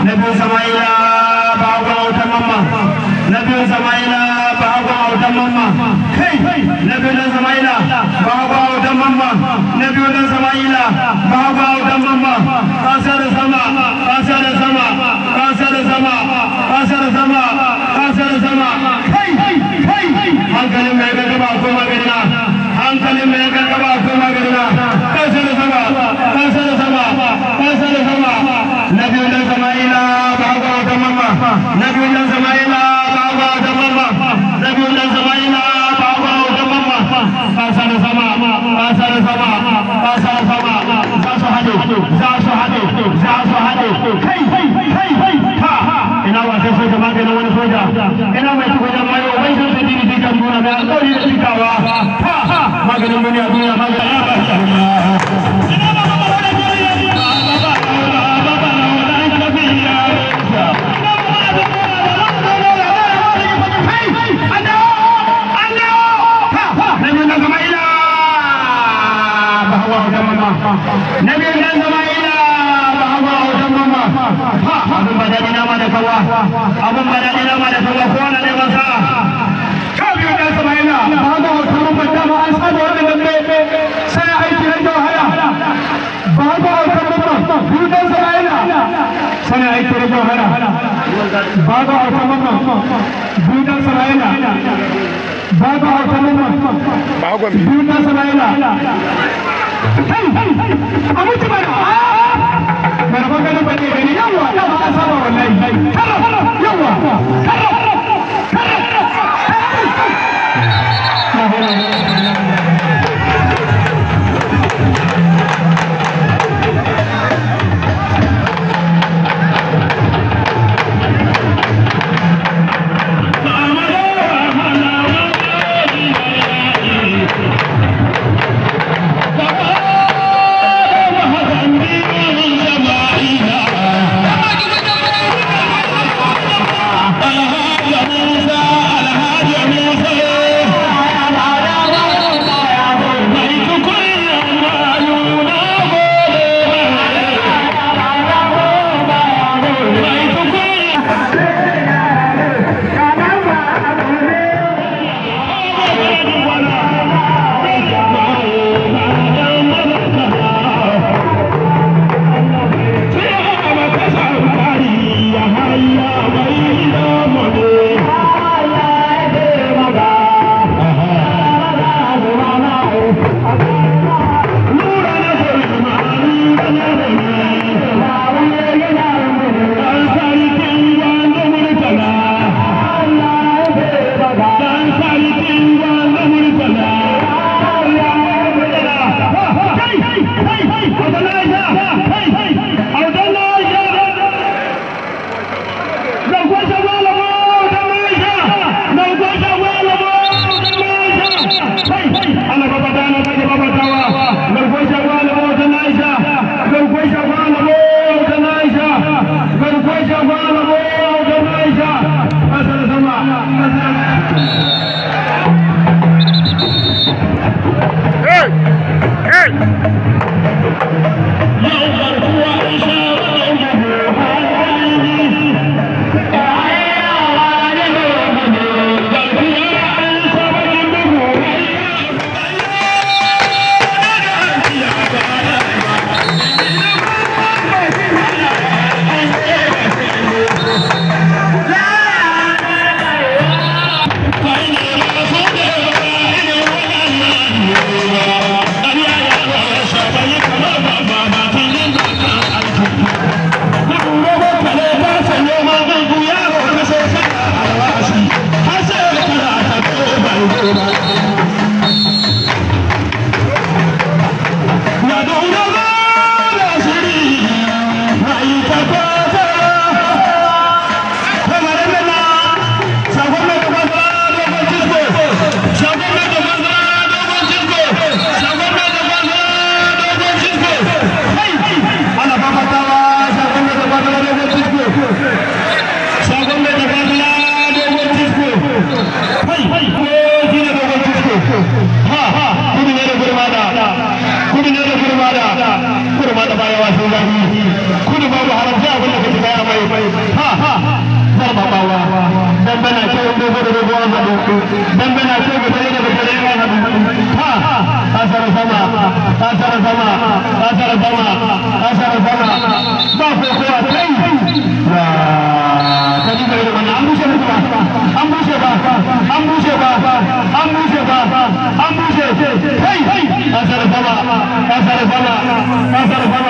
na biyu mamma mamma kai dan sama'ila bagon autan mamma na biyu mamma kasar sama za su haɗe za kai kai kai ta ina wasan soja maganin wani soja ina mai tukujan mayo wai sun su dini dikan nuna mai alƙawari da cikawa ta maganin duniya duniya maganin بابا عثمان بودا سرائلا بابا عثمان بودا سرائلا أبو جبل مرحبا كده بدي بدي يلا يلا أصابه والله يلا يلا يلا Yeah, da ruwan haɗu dan bana ce ba tare da bakare ruwan haɗu ha asara sama asara sama asara sama asara sama ba ko kowa kai wa kaji gari da wannan an bushe ba an bushe ba an bushe ba an bushe ba an bushe kai asara sama asara sama asara sama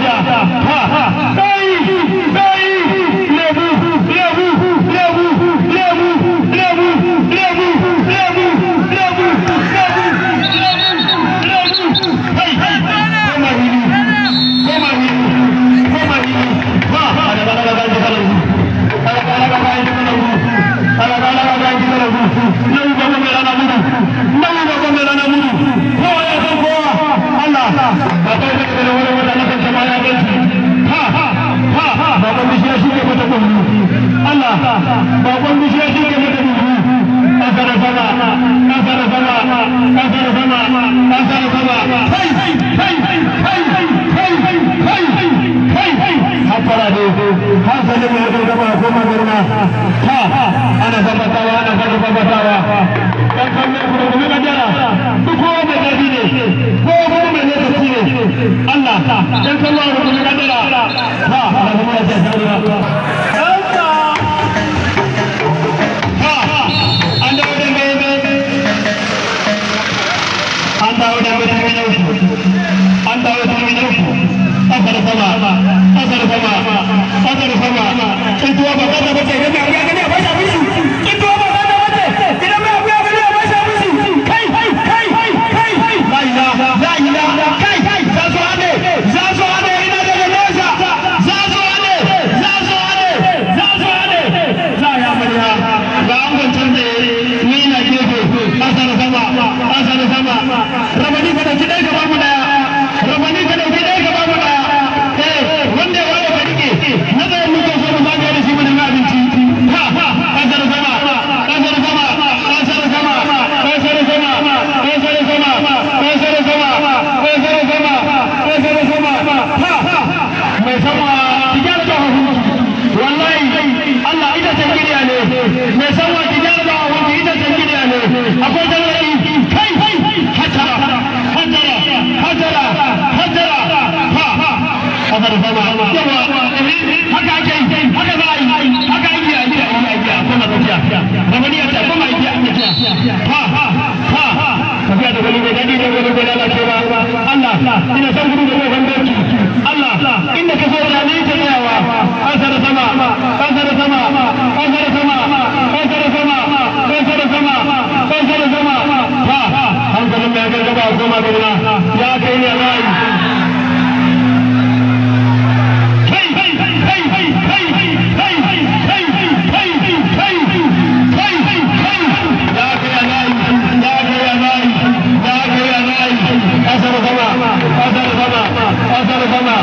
ta zama ramani ya tafi mai biya a jiya da wani mai daɗi da wani mai ba Allah da wani doki Allah inda ka zo da ni ta tsayawa kansa da sama ko